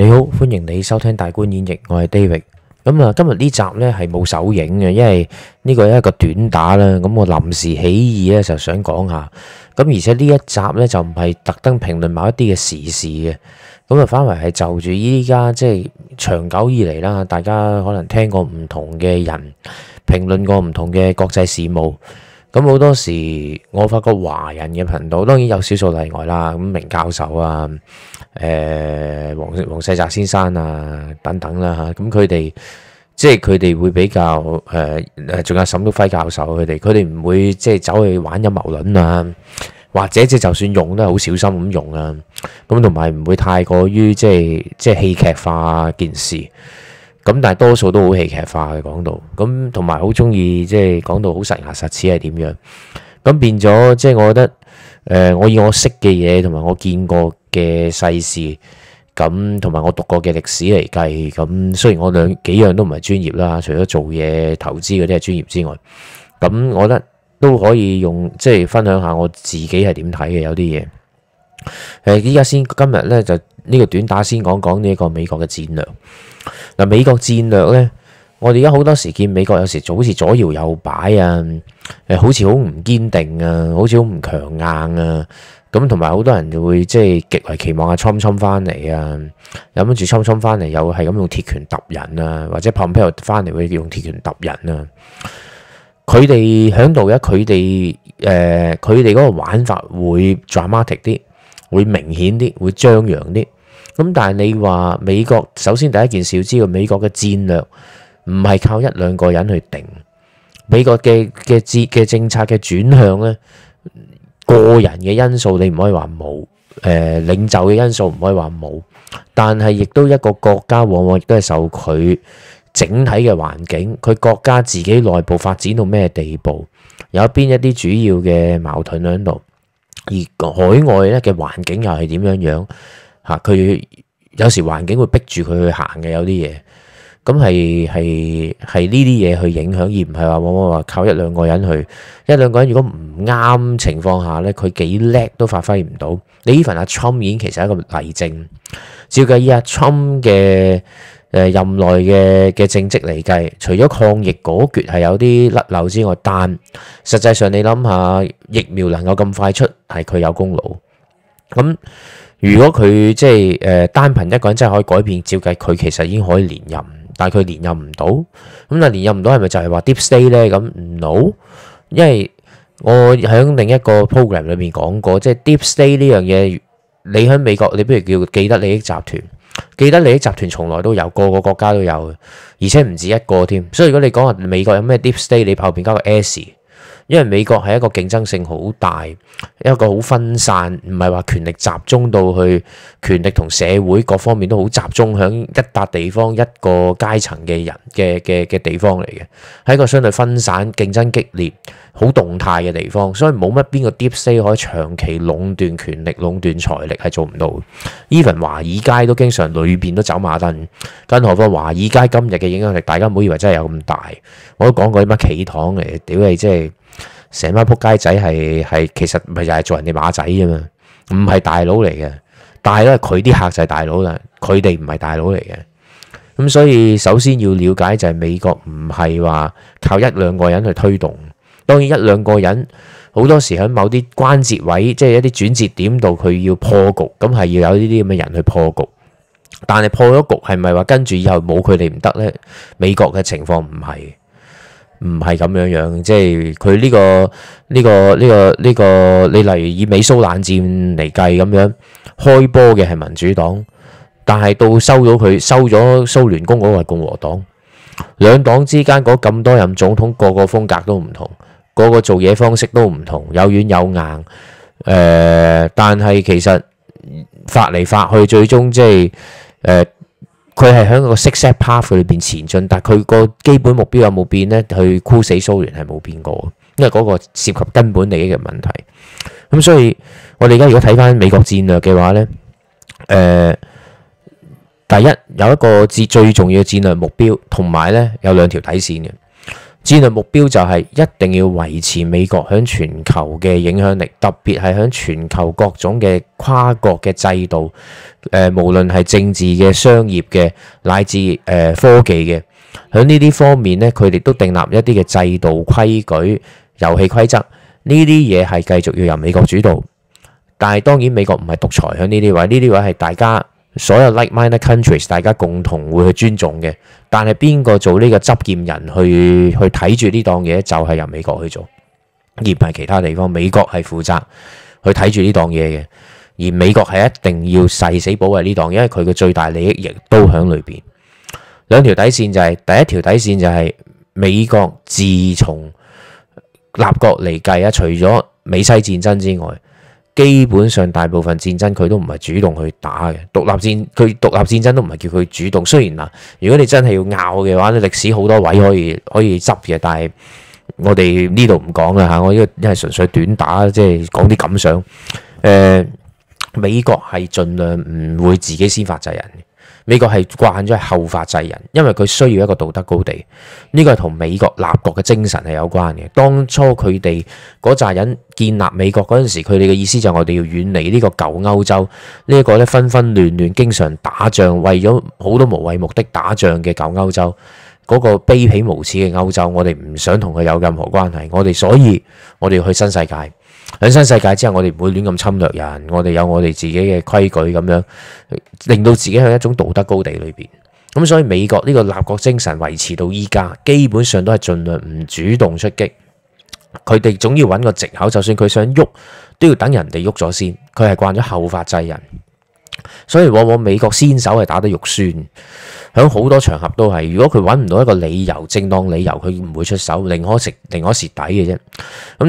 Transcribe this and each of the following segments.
你好，歡迎你收聽大觀演繹，我係 David。咁啊，今日呢集呢係冇首映嘅，因為呢個係一個短打啦。咁我臨時起意呢就想講下。咁而且呢一集呢就唔係特登評論某一啲嘅時事嘅。咁啊，反為係就住依家即係長久以嚟啦，大家可能聽過唔同嘅人評論過唔同嘅國際事務。咁好多時我發覺華人嘅頻道，當然有少數例外啦。咁名教授啊。誒，黃黃、呃、世澤先生啊，等等啦、啊、吓，咁佢哋即係佢哋會比較誒仲、呃、有沈旭暉教授，佢哋佢哋唔會即係走去玩陰謀論啊，或者即就算用都係好小心咁用啊。咁同埋唔會太過於即係即係戲劇化件事。咁但係多數都好戲劇化嘅講到咁，同埋好中意即係講到好實牙實齒係點樣。咁變咗即係我覺得誒、呃，我以我識嘅嘢同埋我見過嘅世事，咁同埋我讀過嘅歷史嚟計，咁雖然我兩幾樣都唔係專業啦，除咗做嘢、投資嗰啲係專業之外，咁我覺得都可以用即係分享下我自己係點睇嘅有啲嘢。誒，依家先今日咧就呢個短打先講講呢個美國嘅戰略。嗱、啊，美國戰略呢，我哋而家好多時見美國有時就好似左搖右擺啊，好似好唔堅定啊，好似好唔強硬啊。咁同埋好多人就會即係極為期望阿侵侵翻嚟啊，諗住侵侵翻嚟又係咁用鐵拳揼人啊，或者蓬佩奧翻嚟會用鐵拳揼人啊。佢哋喺度嘅，佢哋誒，佢哋嗰個玩法會 dramatic 啲，會明顯啲，會張揚啲。咁但係你話美國，首先第一件事要知道美國嘅戰略唔係靠一兩個人去定，美國嘅嘅政嘅政策嘅轉向咧。個人嘅因素你唔可以話冇，誒、呃、領袖嘅因素唔可以話冇，但係亦都一個國家往往亦都係受佢整體嘅環境，佢國家自己內部發展到咩地步，有一邊一啲主要嘅矛盾喺度，而海外咧嘅環境又係點樣樣嚇，佢有時環境會逼住佢去行嘅，有啲嘢，咁係係係呢啲嘢去影響，而唔係話往往話靠一兩個人去。一兩個人如果唔啱情況下咧，佢幾叻都發揮唔到。你 even 阿 Trump 已經其實係一個例證。照計以阿 Trump 嘅誒任內嘅嘅政績嚟計，除咗抗疫嗰橛係有啲甩漏之外，但實際上你諗下疫苗能夠咁快出係佢有功勞。咁如果佢即係誒單憑一個人真係可以改變，照計佢其實已經可以連任。但係佢連任唔到，咁嗱連任唔到係咪就係話 Deep State 咧？咁唔到？No? 因為我喺另一個 program 裏面講過，即係 Deep State 呢樣嘢，你喺美國你不如叫記得利益集團，記得利益集團從來都有，個個國家都有嘅，而且唔止一個添。所以如果你講話美國有咩 Deep State，你後邊加個 s。因為美國係一個競爭性好大，一個好分散，唔係話權力集中到去，權力同社會各方面都好集中喺一笪地方一個階層嘅人嘅嘅嘅地方嚟嘅，係一個相對分散、競爭激烈、好動態嘅地方，所以冇乜邊個 deep state 可以長期壟斷權力、壟斷財力，係做唔到。Even 華爾街都經常裏邊都走馬燈，更何況華爾街今日嘅影響力，大家唔好以為真係有咁大。我都講過啲乜企堂嚟，屌你真係～成班仆街仔係係，其實唔係就係做人哋馬仔㗎嘛，唔係大佬嚟嘅，但係咧佢啲客就係大佬啦，佢哋唔係大佬嚟嘅，咁所以首先要了解就係美國唔係話靠一兩個人去推動，當然一兩個人好多時喺某啲關節位即係、就是、一啲轉折點度，佢要破局，咁係要有呢啲咁嘅人去破局，但係破咗局係咪話跟住以後冇佢哋唔得呢？美國嘅情況唔係。唔係咁樣樣，即係佢呢個呢、呢個呢、呢個呢、呢個，你例如以美蘇冷戰嚟計，咁樣開波嘅係民主黨，但係到收咗，佢收咗蘇聯公嗰個係共和黨，兩黨之間嗰咁多任總統，個個風格都唔同，個個做嘢方式都唔同，有軟有硬，誒、呃，但係其實發嚟發去，最終即係誒。呃佢係喺個 set path 裏邊前進，但佢個基本目標有冇變呢？去箍死蘇聯係冇變過，因為嗰個涉及根本利益嘅問題。咁所以我哋而家如果睇翻美國戰略嘅話呢，誒、呃，第一有一個至最重要嘅戰略目標，同埋呢有兩條底線嘅。戰略目標就係一定要維持美國喺全球嘅影響力，特別係喺全球各種嘅跨國嘅制度，誒、呃，無論係政治嘅、商業嘅，乃至誒、呃、科技嘅，喺呢啲方面呢佢哋都訂立一啲嘅制度規矩、遊戲規則，呢啲嘢係繼續要由美國主導，但係當然美國唔係獨裁喺呢啲位，呢啲位係大家。所有 like-minded countries 大家共同會去尊重嘅，但係邊個做呢個執劍人去去睇住呢檔嘢？就係由美國去做，而唔係其他地方。美國係負責去睇住呢檔嘢嘅，而美國係一定要誓死保衛呢檔，因為佢嘅最大利益亦都響裏邊。兩條底線就係、是、第一條底線就係美國自從立國嚟計啊，除咗美西戰爭之外。基本上大部分戰爭佢都唔係主動去打嘅，獨立戰佢獨立戰爭都唔係叫佢主動。雖然嗱，如果你真係要拗嘅話咧，歷史好多位可以可以執嘅，但係我哋呢度唔講啦嚇。我呢個一係純粹短打，即係講啲感想。誒，美國係盡量唔會自己先發制人嘅。美國係慣咗係後發制人，因為佢需要一個道德高地。呢個係同美國立國嘅精神係有關嘅。當初佢哋嗰扎人建立美國嗰陣時，佢哋嘅意思就係我哋要遠離呢個舊歐洲，呢、這、一個呢，紛紛亂亂、經常打仗、為咗好多無謂目的打仗嘅舊歐洲，嗰、那個卑鄙無恥嘅歐洲，我哋唔想同佢有任何關係。我哋，所以我哋要去新世界。喺新世界之後，我哋唔會亂咁侵略人，我哋有我哋自己嘅規矩咁樣，令到自己喺一種道德高地裏邊。咁所以美國呢個立國精神維持到依家，基本上都係盡量唔主動出擊。佢哋總要揾個藉口，就算佢想喐，都要等人哋喐咗先。佢係慣咗後發制人，所以往往美國先手係打得肉酸。響好多場合都係，如果佢揾唔到一個理由、正當理由，佢唔會出手，寧可食，寧可蝕底嘅啫。咁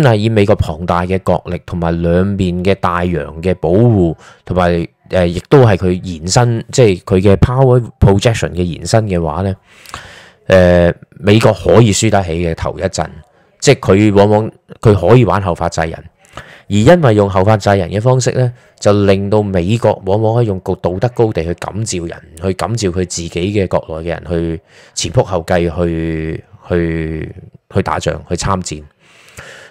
但係以美國龐大嘅國力同埋兩邊嘅大洋嘅保護，同埋誒亦都係佢延伸，即係佢嘅 power projection 嘅延伸嘅話呢誒、呃、美國可以輸得起嘅頭一陣，即係佢往往佢可以玩後發制人。.而因為用後發制人嘅方式呢，就令到美國往往可以用道德高地去感召人，去感召佢自己嘅國內嘅人去前仆後繼去去去，去打仗去參戰。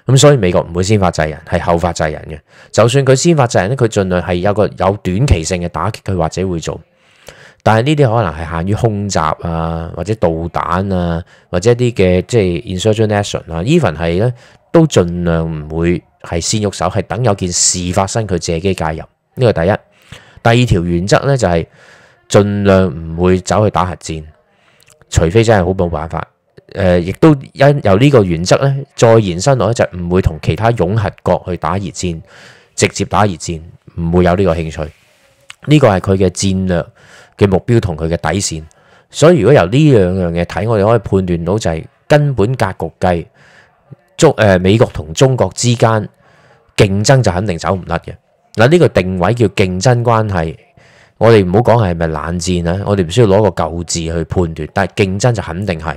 咁所以美國唔會先發制人，係後發制人嘅。就算佢先發制人呢，佢儘量係有個有短期性嘅打擊，佢或者會做。但係呢啲可能係限於空襲啊，或者導彈啊，或者一啲嘅即係 insurgent action 啊，even 係呢都儘量唔會。係先喐手，係等有件事發生，佢借機介入，呢個第一。第二條原則呢，就係盡量唔會走去打核戰，除非真係好冇辦法。誒、呃，亦都因由呢個原則呢，再延伸落去就唔會同其他擁核國去打熱戰，直接打熱戰，唔會有呢個興趣。呢個係佢嘅戰略嘅目標同佢嘅底線。所以如果由呢兩樣嘢睇，我哋可以判斷到就係根本格局計中誒美國同中國之間。競爭就肯定走唔甩嘅嗱，呢個定位叫競爭關係。我哋唔好講係咪冷戰啊，我哋唔需要攞個舊字去判斷，但係競爭就肯定係，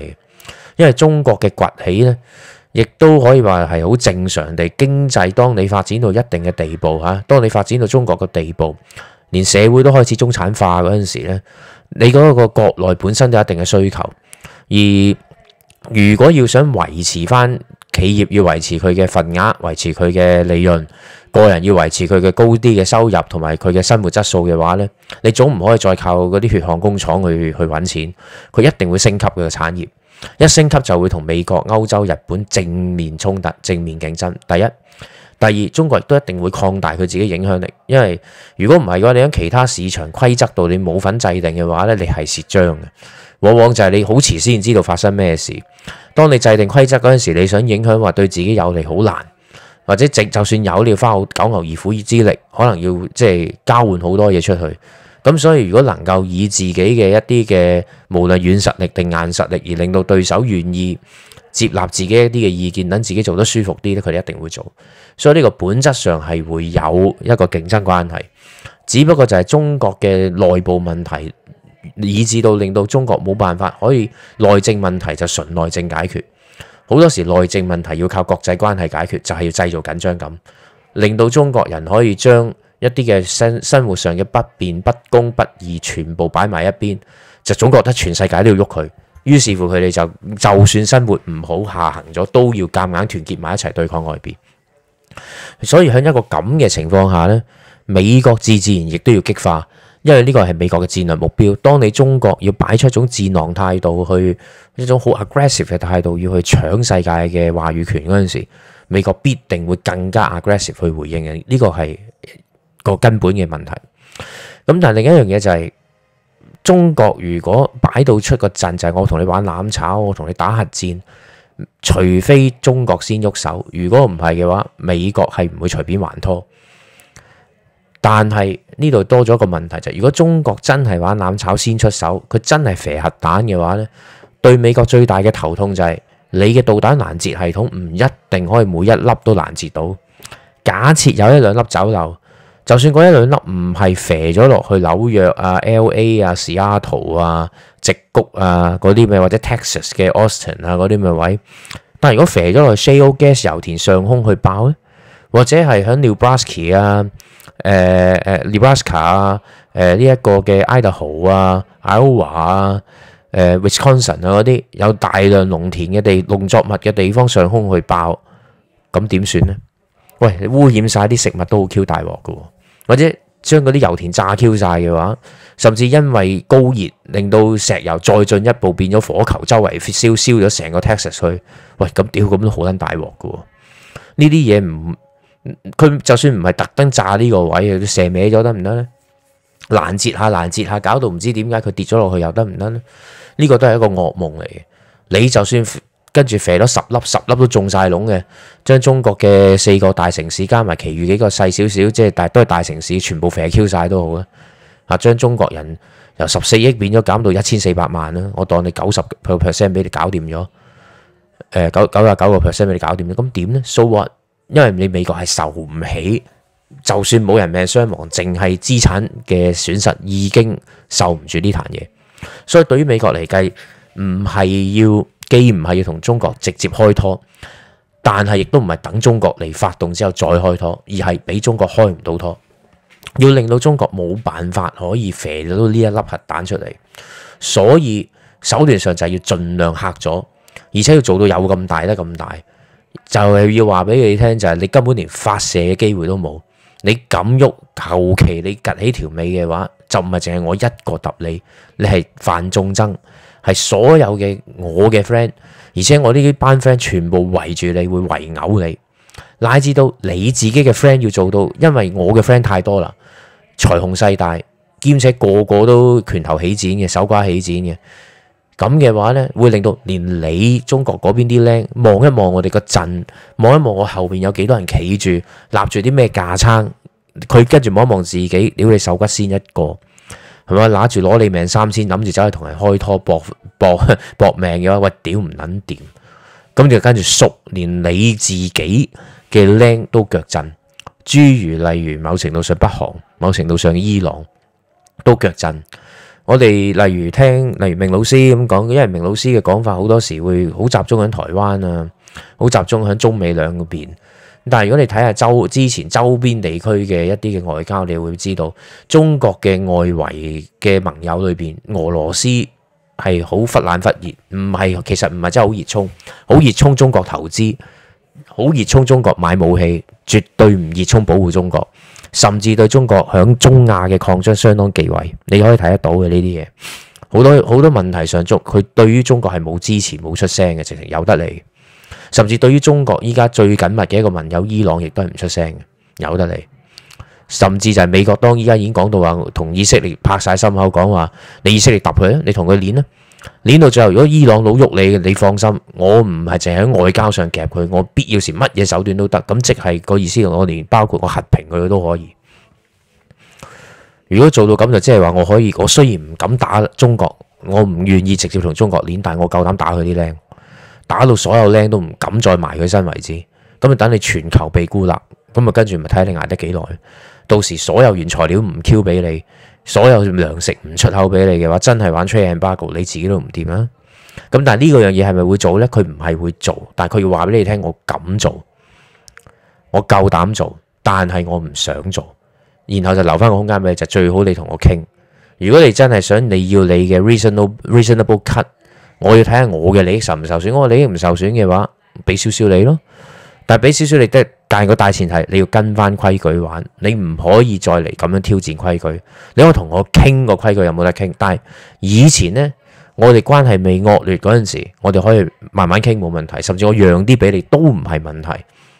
因為中國嘅崛起呢，亦都可以話係好正常地經濟。當你發展到一定嘅地步嚇，當你發展到中國嘅地步，連社會都開始中產化嗰陣時咧，你嗰個國內本身都有一定嘅需求，而如果要想維持翻。企業要維持佢嘅份額、維持佢嘅利潤，個人要維持佢嘅高啲嘅收入同埋佢嘅生活質素嘅話呢，你總唔可以再靠嗰啲血汗工廠去去揾錢，佢一定會升級佢嘅產業，一升級就會同美國、歐洲、日本正面衝突、正面競爭。第一，第二，中國亦都一定會擴大佢自己影響力，因為如果唔係嘅話，你喺其他市場規則度你冇份制定嘅話呢，你係蝕張嘅，往往就係你好遲先知道發生咩事。當你制定規則嗰陣時，你想影響話對自己有利好難，或者直就算有，你要花好九牛二虎之力，可能要即係、就是、交換好多嘢出去。咁所以如果能夠以自己嘅一啲嘅無論軟實力定硬實力，而令到對手願意接納自己一啲嘅意見，等自己做得舒服啲咧，佢哋一定會做。所以呢個本質上係會有一個競爭關係，只不過就係中國嘅內部問題。以至到令到中國冇辦法可以內政問題就純內政解決，好多時內政問題要靠國際關係解決，就係要製造緊張感，令到中國人可以將一啲嘅生生活上嘅不便、不公、不義，全部擺埋一邊，就總覺得全世界都要喐佢。於是乎佢哋就就算生活唔好下行咗，都要夾硬團結埋一齊對抗外邊。所以喺一個咁嘅情況下呢，美國自自然亦都要激化。因為呢個係美國嘅戰略目標，當你中國要擺出一種戰狼態度去，去一種好 aggressive 嘅態度，要去搶世界嘅話語權嗰陣時，美國必定會更加 aggressive 去回應嘅，呢、這個係個根本嘅問題。咁但係另一樣嘢就係、是，中國如果擺到出個陣，就係、是、我同你玩攬炒，我同你打核戰，除非中國先喐手，如果唔係嘅話，美國係唔會隨便還拖。但係呢度多咗一個問題就係、是，如果中國真係玩攬炒先出手，佢真係肥核彈嘅話咧，對美國最大嘅頭痛就係、是，你嘅導彈攔截系統唔一定可以每一粒都攔截到。假設有一兩粒走漏，就算嗰一兩粒唔係肥咗落去紐約啊、L A 啊、西雅圖啊、直谷啊嗰啲咩，或者 Texas 嘅 Austin 啊嗰啲咩位，但如果肥咗落去 Shale Gas 油田上空去爆咧，或者係響 New Brusky 啊。誒誒，Nebraska 啊，誒呢一個嘅 Idaho 啊，Iowa 啊，誒、呃呃、Wisconsin 啊嗰啲有大量農田嘅地、農作物嘅地方上空去爆，咁點算呢？喂，污染晒啲食物都好 Q 大鑊㗎，或者將嗰啲油田炸 Q 晒嘅話，甚至因為高熱令到石油再進一步變咗火球，周圍燒燒咗成個 Texas 去，喂，咁屌，咁都好撚大鑊㗎，呢啲嘢唔～佢就算唔係特登炸呢個位，都射歪咗得唔得咧？攔截下，攔截下，搞到唔知點解佢跌咗落去又得唔得咧？呢、這個都係一個噩夢嚟嘅。你就算跟住肥咗十粒、十粒都中晒窿嘅，將中國嘅四個大城市加埋，其餘幾個細少少，即係但都係大城市，全部肥 Q 晒都好啊。啊，將中國人由十四億變咗減到一千四百萬啦，我當你九十個 percent 俾你搞掂咗，誒、呃，九十九個 percent 俾你搞掂咗，咁點呢？So what？因為你美國係受唔起，就算冇人命傷亡，淨係資產嘅損失已經受唔住呢壇嘢，所以對於美國嚟計，唔係要既唔係要同中國直接開拖，但係亦都唔係等中國嚟發動之後再開拖，而係俾中國開唔到拖，要令到中國冇辦法可以射到呢一粒核彈出嚟，所以手段上就係要盡量嚇阻，而且要做到有咁大得咁大。就係要話俾你聽，就係、是、你根本連發射嘅機會都冇。你咁喐，求其你夾起條尾嘅話，就唔係淨係我一個揼你，你係犯眾憎，係所有嘅我嘅 friend，而且我呢啲班 friend 全部圍住你會圍毆你，乃至到你自己嘅 friend 要做到，因為我嘅 friend 太多啦，財雄勢大，兼且個個都拳頭起繭嘅，手瓜起繭嘅。咁嘅話呢，會令到連你中國嗰邊啲僆望一望我哋個陣，望一望我後邊有幾多人企住，立住啲咩架撐，佢跟住望一望自己，屌你瘦骨仙一個，係咪？揦住攞你命三千，諗住走去同人開拖搏搏搏命嘅話，喂，屌唔撚掂，咁就跟住縮，連你自己嘅僆都腳震，諸如例如某程度上北韓，某程度上伊朗都腳震。我哋例如聽，例如明老師咁講，因為明老師嘅講法好多時會好集中喺台灣啊，好集中喺中美兩邊。但係如果你睇下周之前周邊地區嘅一啲嘅外交，你會知道中國嘅外圍嘅盟友裏邊，俄羅斯係好忽冷忽熱，唔係其實唔係真係好熱衷，好熱衷中國投資，好熱衷中國買武器，絕對唔熱衷保護中國。甚至對中國喺中亞嘅擴張相當忌諱，你可以睇得到嘅呢啲嘢，好多好多問題上，足佢對於中國係冇支持冇出聲嘅，直情由得你。甚至對於中國依家最緊密嘅一個盟友伊朗，亦都係唔出聲嘅，由得你。甚至就係美國當依家已經講到話，同以色列拍晒心口講話，你以色列揼佢啦，你同佢練啦。捻到最後，如果伊朗佬喐你，你放心，我唔係淨喺外交上夾佢，我必要時乜嘢手段都得。咁即係個意思，我連包括我核平佢都可以。如果做到咁就即係話，我可以，我雖然唔敢打中國，我唔願意直接同中國捻，但係我夠膽打佢啲僆，打到所有僆都唔敢再埋佢身為止。咁啊，等你全球被孤立，咁啊，跟住咪睇你捱得幾耐。到時所有原材料唔 Q 俾你。所有糧食唔出口俾你嘅話，真係玩 trade embargo，你自己都唔掂啦。咁但係呢個樣嘢係咪會做呢？佢唔係會做，但係佢要話俾你聽，我敢做，我夠膽做，但係我唔想做。然後就留翻個空間俾你，就是、最好你同我傾。如果你真係想你要你嘅 reasonable reasonable cut，我要睇下我嘅利益受唔受損。我利益唔受損嘅話，俾少少你咯。但係俾少少你得。但係個大前提，你要跟翻規矩玩，你唔可以再嚟咁樣挑戰規矩。你可同我傾個規矩有冇得傾？但係以前呢，我哋關係未惡劣嗰陣時，我哋可以慢慢傾，冇問題，甚至我讓啲俾你都唔係問題，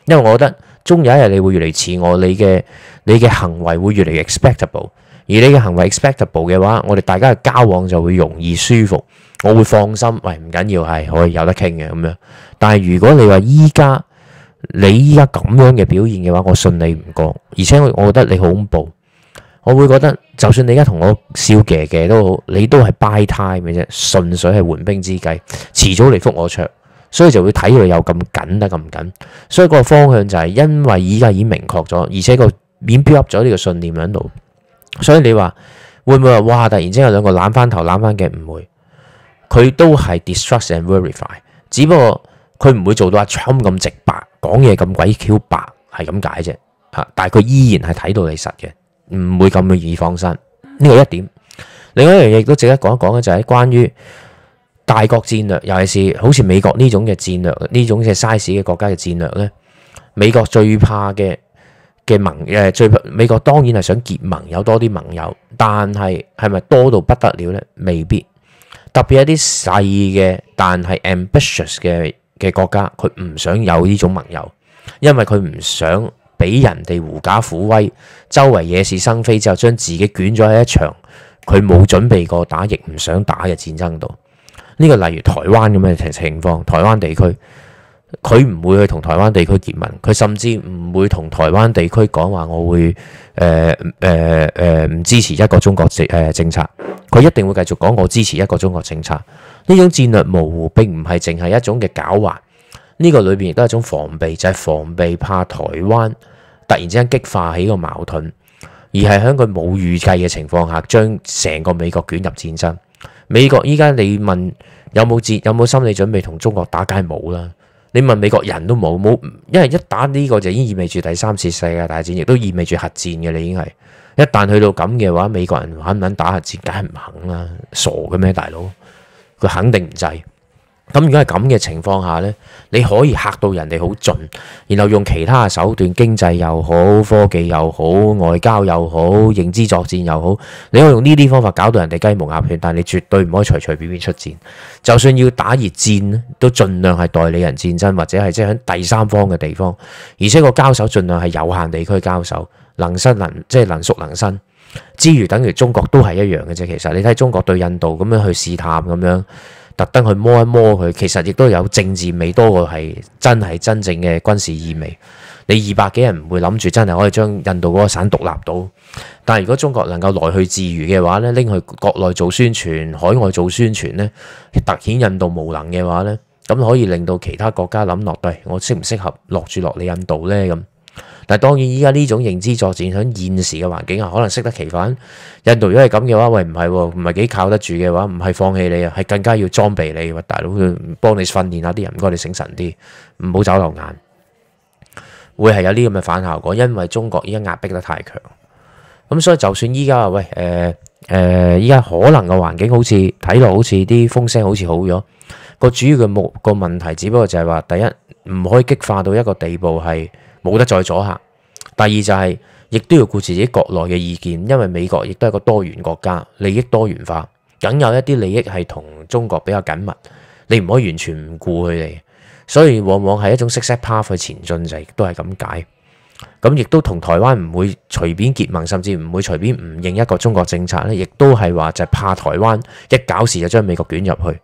因為我覺得終有一日你會越嚟似我，你嘅你嘅行為會越嚟越 expectable，而你嘅行為 expectable 嘅話，我哋大家嘅交往就會容易舒服，我會放心。喂，唔緊要係可以有得傾嘅咁樣。但係如果你話依家，你依家咁樣嘅表現嘅話，我信你唔過，而且我我覺得你好恐怖，我會覺得就算你而家同我笑嘅嘅都好，你都係 buy time 嘅啫，純粹係緩兵之計，遲早嚟覆我場，所以就會睇佢有咁緊得咁緊，所以個方向就係、是、因為依家已經明確咗，而且個面標 up 咗呢個信念喺度，所以你話會唔會話哇？突然之間有兩個攬翻頭攬翻嘅，唔會，佢都係 distrust and verify，只不過佢唔會做到阿 Trump 咁直白。講嘢咁鬼 Q 白係咁解啫嚇，但係佢依然係睇到你實嘅，唔會咁易放生。呢個一點，另外一樣嘢都值得講一講嘅，就係關於大國戰略，尤其是好似美國呢種嘅戰略，呢種嘅 size 嘅國家嘅戰略。呢美國最怕嘅嘅盟，誒最，美國當然係想結盟，有多啲盟友，但係係咪多到不得了呢？未必，特別一啲細嘅，但係 ambitious 嘅。嘅國家，佢唔想有呢種盟友，因為佢唔想俾人哋狐假虎威，周圍惹是生非之後，將自己捲咗喺一場佢冇準備過打，亦唔想打嘅戰爭度。呢、這個例如台灣咁嘅情情況，台灣地區，佢唔會去同台灣地區結盟，佢甚至唔會同台灣地區講話，我會誒誒誒唔支持一個中國政政策，佢一定會繼續講我支持一個中國政策。呢種戰略模糊並唔係淨係一種嘅狡猾，呢個裏邊亦都係一種防備，就係防備怕台灣突然之間激化起個矛盾，而係喺佢冇預計嘅情況下，將成個美國捲入戰爭。美國依家你問有冇戰，有冇心理準備同中國打，梗係冇啦。你問美國人都冇冇，因為一打呢個就已經意味住第三次世界大戰，亦都意味住核戰嘅。你已經係一旦去到咁嘅話，美國人肯唔肯打核戰？梗係唔肯啦，傻嘅咩大佬？佢肯定唔制，咁如果係咁嘅情況下呢，你可以嚇到人哋好盡，然後用其他手段，經濟又好，科技又好，外交又好，認知作戰又好，你可以用呢啲方法搞到人哋雞毛鴨血，但係你絕對唔可以隨隨便便出戰，就算要打熱戰都盡量係代理人戰爭或者係即係喺第三方嘅地方，而且個交手盡量係有限地區交手，能伸能即係能縮能伸之餘，等於中國都係一樣嘅啫。其實你睇中國對印度咁樣去試探，咁樣特登去摸一摸佢，其實亦都有政治味多過係真係真正嘅軍事意味。你二百幾人唔會諗住真係可以將印度嗰個省獨立到。但係如果中國能夠來去自如嘅話呢，拎去國內做宣傳，海外做宣傳呢，突顯印度無能嘅話呢，咁可以令到其他國家諗落，係、哎、我適唔適合落住落你印度呢？」咁。但係當然，依家呢種認知作戰喺現時嘅環境下，可能適得其反。印度如果係咁嘅話，喂，唔係唔係幾靠得住嘅話，唔係放棄你啊，係更加要裝備你，大佬佢幫你訓練下啲人，唔該你醒神啲，唔好走漏眼，會係有呢咁嘅反效果。因為中國而家壓迫得太強，咁所以就算依家喂，誒、呃、誒，依家可能嘅環境好似睇落好似啲風聲好似好咗。個主要嘅目個問題，只不過就係話第一唔可以激化到一個地步係。冇得再阻吓。第二就係，亦都要顧自己國內嘅意見，因為美國亦都係個多元國家，利益多元化，梗有一啲利益係同中國比較緊密，你唔可以完全唔顧佢哋。所以往往係一種 success path 去前進，就亦都係咁解。咁亦都同台灣唔會隨便結盟，甚至唔會隨便唔認一個中國政策，呢亦都係話，就怕台灣一搞事就將美國捲入去。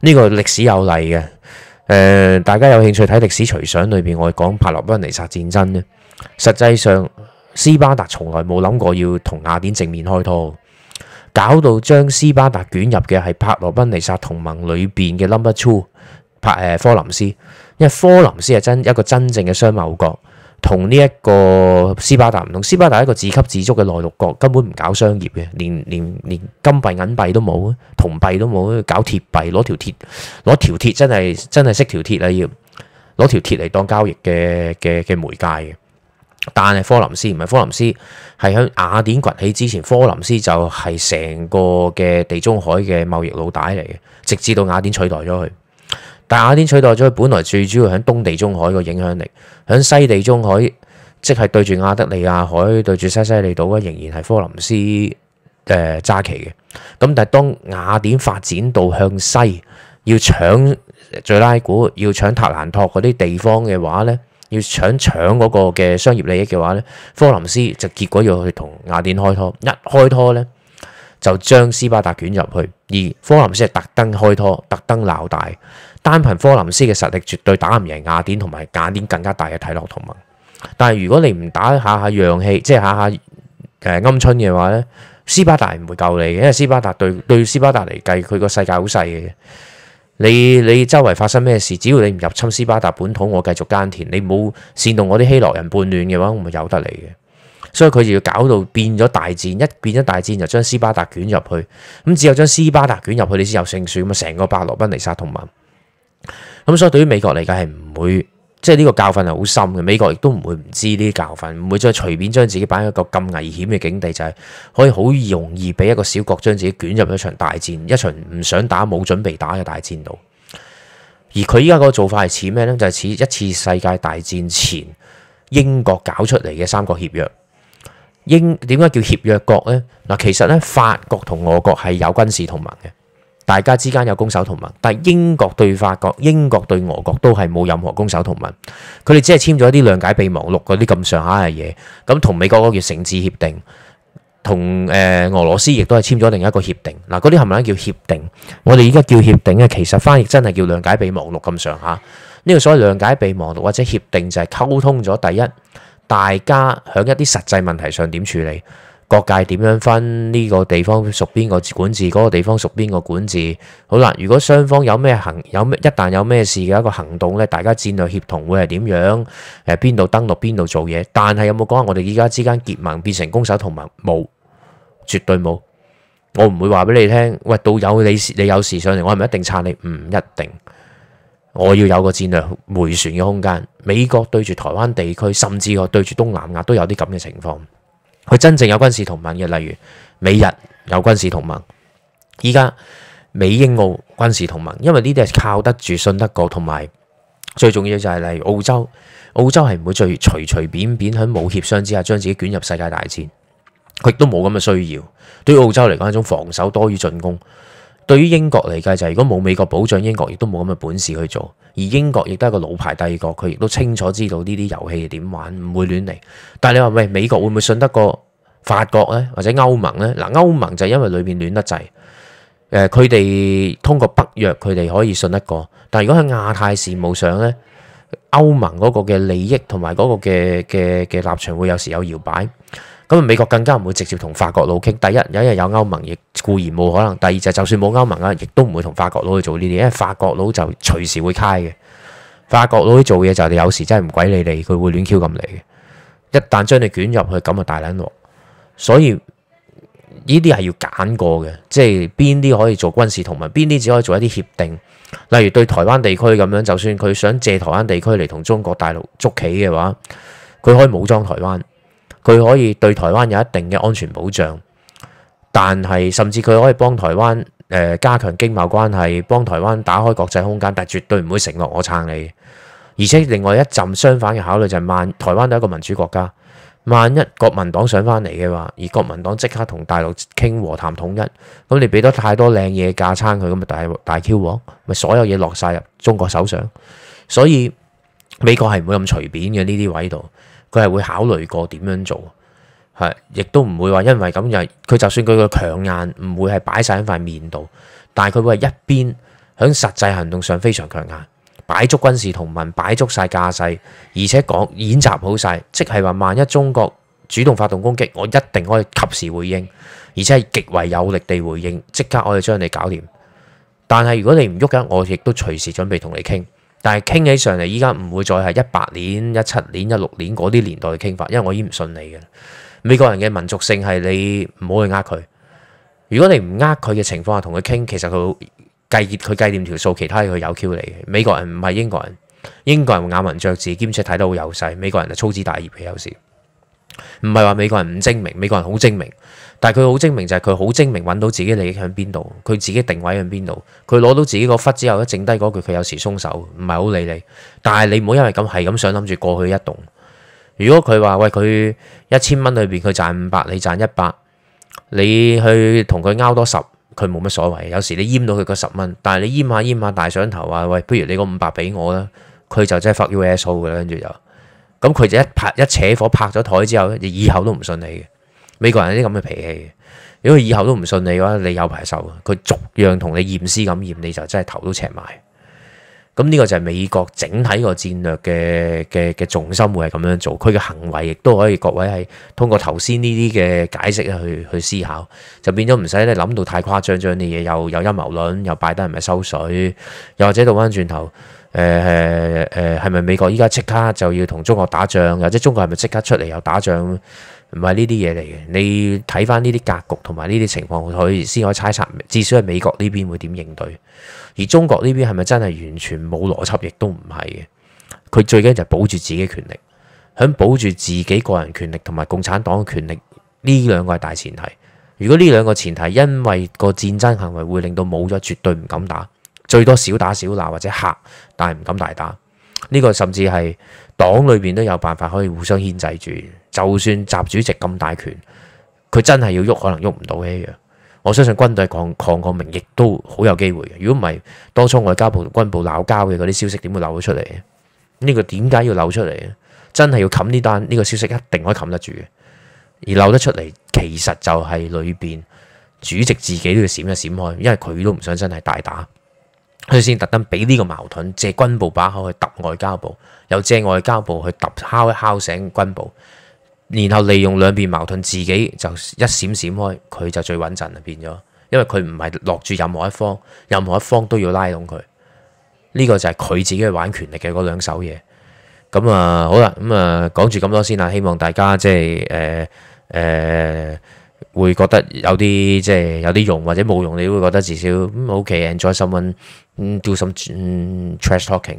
呢個歷史有例嘅。誒、呃，大家有興趣睇歷史隨想裏邊，我講帕羅奔尼撒戰爭咧。實際上，斯巴達從來冇諗過要同雅典正面開拖，搞到將斯巴達捲入嘅係帕羅奔尼撒同盟裏邊嘅 number two，柏科林斯，因為科林斯係真一個真正嘅商貿國。同呢一個斯巴達唔同，斯巴達一個自給自足嘅內陸國，根本唔搞商業嘅，連連連金幣銀幣都冇，銅幣都冇，搞鐵幣，攞條鐵，攞條鐵真係真係識條鐵啊！要攞條鐵嚟當交易嘅嘅嘅媒介嘅。但係科林斯唔係科林斯，係響雅典崛起之前，科林斯就係成個嘅地中海嘅貿易老大嚟嘅，直至到雅典取代咗佢。但雅典取代咗佢，本來最主要喺東地中海個影響力，喺西地中海，即係對住亞德利亞海、對住西西里島咧，仍然係科林斯呃揸旗嘅。咁、呃、但係當雅典發展到向西要搶敍拉古、要搶塔蘭托嗰啲地方嘅話呢，要搶搶嗰個嘅商業利益嘅話呢，科林斯就結果要去同雅典開拖，一開拖呢，就將斯巴達捲入去。而科林斯係特登開拖，特登鬧大。單憑科林斯嘅實力，絕對打唔贏雅典同埋雅典更加大嘅提洛同盟。但係如果你唔打下下洋氣，即係下下誒鵪鶉嘅話呢，斯巴達唔會救你嘅，因為斯巴達對對斯巴達嚟計，佢個世界好細嘅。你你周圍發生咩事，只要你唔入侵斯巴達本土，我繼續耕田。你冇煽動我啲希洛人叛亂嘅話，我咪由得你嘅。所以佢就要搞到變咗大戰，一變咗大戰就將斯巴達捲入去。咁，只有將斯巴達捲入去，你先有勝算咁成個伯羅奔尼撒同盟。咁、嗯、所以對於美國嚟講係唔會，即係呢個教訓係好深嘅。美國亦都唔會唔知呢啲教訓，唔會再隨便將自己擺喺一個咁危險嘅境地，就係、是、可以好容易俾一個小國將自己捲入一場大戰，一場唔想打、冇準備打嘅大戰度。而佢依家個做法係似咩呢？就係似、是、一次世界大戰前英國搞出嚟嘅三國協約。英點解叫協約國呢？嗱，其實呢，法國同俄國係有軍事同盟嘅。大家之間有攻守同盟，但英國對法國、英國對俄國都係冇任何攻守同盟。佢哋只係簽咗一啲《諒解備忘錄》嗰啲咁上下嘅嘢，咁同美國嗰個叫《承志協定》，同誒俄羅斯亦都係簽咗另一個協定。嗱，嗰啲係咪叫協定？我哋而家叫協定咧，其實翻譯真係叫《諒解備忘錄》咁上下。呢個所謂《諒解備忘錄》或者協定，就係溝通咗第一，大家喺一啲實際問題上點處理。各界點樣分呢、這個地方屬邊個管治？嗰、這個地方屬邊個管治？好啦，如果雙方有咩行有咩，一旦有咩事嘅一個行動咧，大家戰略協同會係點樣？誒邊度登陸邊度做嘢？但係有冇講下我哋依家之間結盟變成攻守同盟？冇，絕對冇。我唔會話俾你聽。喂，到有你你有事上嚟，我係咪一定撐你，唔一定。我要有個戰略迴旋嘅空間。美國對住台灣地區，甚至我對住東南亞都有啲咁嘅情況。佢真正有軍事同盟嘅，例如美日有軍事同盟，依家美英澳軍事同盟，因為呢啲係靠得住信得過，同埋最重要就係例如澳洲，澳洲係唔會再隨隨便便喺冇協商之下將自己捲入世界大戰，佢亦都冇咁嘅需要，對於澳洲嚟講係一種防守多於進攻。對於英國嚟計就係如果冇美國保障，英國亦都冇咁嘅本事去做。而英國亦都係一個老牌帝國，佢亦都清楚知道呢啲遊戲係點玩，唔會亂嚟。但係你話喂，美國會唔會信得過法國呢？或者歐盟呢？嗱，歐盟就係因為裏面亂得滯，呃，佢哋通過北約佢哋可以信得過。但如果喺亞太事務上呢，歐盟嗰個嘅利益同埋嗰個嘅嘅嘅立場，會有時有搖擺。咁美國更加唔會直接同法國佬傾。第一，有一日有歐盟，亦固然冇可能。第二就，就算冇歐盟啊，亦都唔會同法國佬去做呢啲，因為法國佬就隨時會開嘅。法國佬做嘢就係有時真係唔鬼理你，佢會亂 Q 咁嚟嘅。一旦將你捲入去，咁啊大撚鑊。所以呢啲係要揀過嘅，即係邊啲可以做軍事同盟，邊啲只可以做一啲協定。例如對台灣地區咁樣，就算佢想借台灣地區嚟同中國大陸捉棋嘅話，佢可以武裝台灣。佢可以對台灣有一定嘅安全保障，但係甚至佢可以幫台灣誒、呃、加強經貿關係，幫台灣打開國際空間。但係絕對唔會承諾我撐你。而且另外一陣相反嘅考慮就係，萬台灣都係一個民主國家，萬一國民黨上翻嚟嘅話，而國民黨即刻同大陸傾和談統一，咁你俾得太多靚嘢架撐佢，咁咪大大 Q 咯，咪所有嘢落晒入中國手上。所以美國係唔會咁隨便嘅呢啲位度。佢係會考慮過點樣做，係亦都唔會話因為咁樣，佢就算佢嘅強硬唔會係擺晒喺塊面度，但係佢會係一邊喺實際行動上非常強硬，擺足軍事同盟，擺足晒架勢，而且講演習好晒，即係話萬一中國主動發動攻擊，我一定可以及時回應，而且係極為有力地回應，即刻我哋將你搞掂。但係如果你唔喐嘅，我亦都隨時準備同你傾。但係傾起上嚟，依家唔會再係一八年、一七年、一六年嗰啲年代嘅傾法，因為我已經唔信你嘅。美國人嘅民族性係你唔好去呃佢。如果你唔呃佢嘅情況下同佢傾，其實佢計佢計掂條數，其他嘢佢有 Q 你嘅。美國人唔係英國人，英國人咬文嚼字，兼且睇得好幼細。美國人就粗枝大葉嘅有時。唔係話美國人唔精明，美國人好精明，但係佢好精明就係佢好精明揾到自己利益喺邊度，佢自己定位喺邊度，佢攞到自己個窟之後，一剩低嗰句佢有時鬆手，唔係好理你。但係你唔好因為咁係咁想諗住過去一動。如果佢話喂，佢一千蚊裏邊佢賺五百，你賺一百，你去同佢拗多十，佢冇乜所謂。有時你淹到佢個十蚊，但係你淹下淹下大上頭話喂，不如你個五百俾我啦，佢就真係 fuck you asshole 啦，跟住就。咁佢就一拍一扯火，拍咗台之後咧，以後都唔信你嘅。美國人啲咁嘅脾氣，如果佢以後都唔信你嘅話，你有排受。佢逐樣同你驗屍咁驗，你就真係頭都赤埋。咁呢個就係美國整體個戰略嘅嘅嘅重心會係咁樣做，佢嘅行為亦都可以各位係通過頭先呢啲嘅解釋去去思考，就變咗唔使你諗到太誇張，將啲嘢又有陰謀論，又擺得係咪收水，又或者倒翻轉頭，誒誒係咪美國依家即刻就要同中國打仗，或者中國係咪即刻出嚟又打仗？唔係呢啲嘢嚟嘅，你睇翻呢啲格局同埋呢啲情況，可以先可以猜測，至少係美國呢邊會點應對。而中國呢邊係咪真係完全冇邏輯？亦都唔係嘅。佢最緊要就係保住自己權力，想保住自己個人權力同埋共產黨嘅權力。呢兩個係大前提。如果呢兩個前提因為個戰爭行為會令到冇咗，絕對唔敢打，最多少打少鬧或者嚇，但係唔敢大打。呢、這個甚至係黨裏邊都有辦法可以互相牽制住。就算習主席咁大權，佢真係要喐可能喐唔到嘅一樣。我相信軍隊抗抗抗命亦都好有機會嘅。如果唔係，當初外交部同軍部鬧交嘅嗰啲消息點會漏得出嚟呢？呢個點解要漏出嚟？真係要冚呢單呢個消息一定可以冚得住，而漏得出嚟其實就係裏邊主席自己都要閃一閃一閃開，因為佢都唔想真係大打，所以先特登俾呢個矛盾借軍部把口去揼外交部，又借外交部去揼敲一敲醒軍部。然後利用兩邊矛盾，自己就一閃閃開，佢就最穩陣啦，變咗。因為佢唔係落住任何一方，任何一方都要拉動佢。呢、這個就係佢自己去玩權力嘅嗰兩手嘢。咁啊，好啦，咁、嗯、啊，講住咁多先啦。希望大家即係誒誒會覺得有啲即係有啲用或者冇用，你都會覺得至少咁、嗯、OK，enjoy、okay, 嗯、someone，do、嗯、some trash talking。